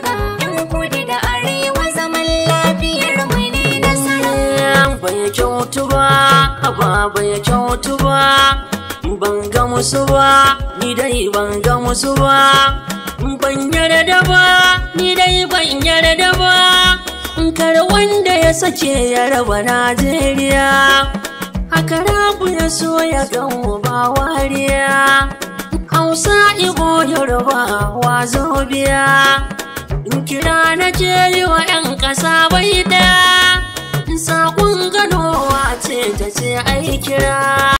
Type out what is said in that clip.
zuga kudi da arewa zaman lafiyar mu ne nasara bai kyautu ba haba bai kyautu ba ban ga musu ba ni dai ban ga musu ba ban yarda ba ni dai ban yarda ba kar wanda ya sace ya raba Najeriya haka rabu ya so ya ganmu ba wariya Hausa Igbo Yoruba wazo biya na ce yi wa 'yan ƙasa bai ɗaya, saƙon a ce ta ce aikira.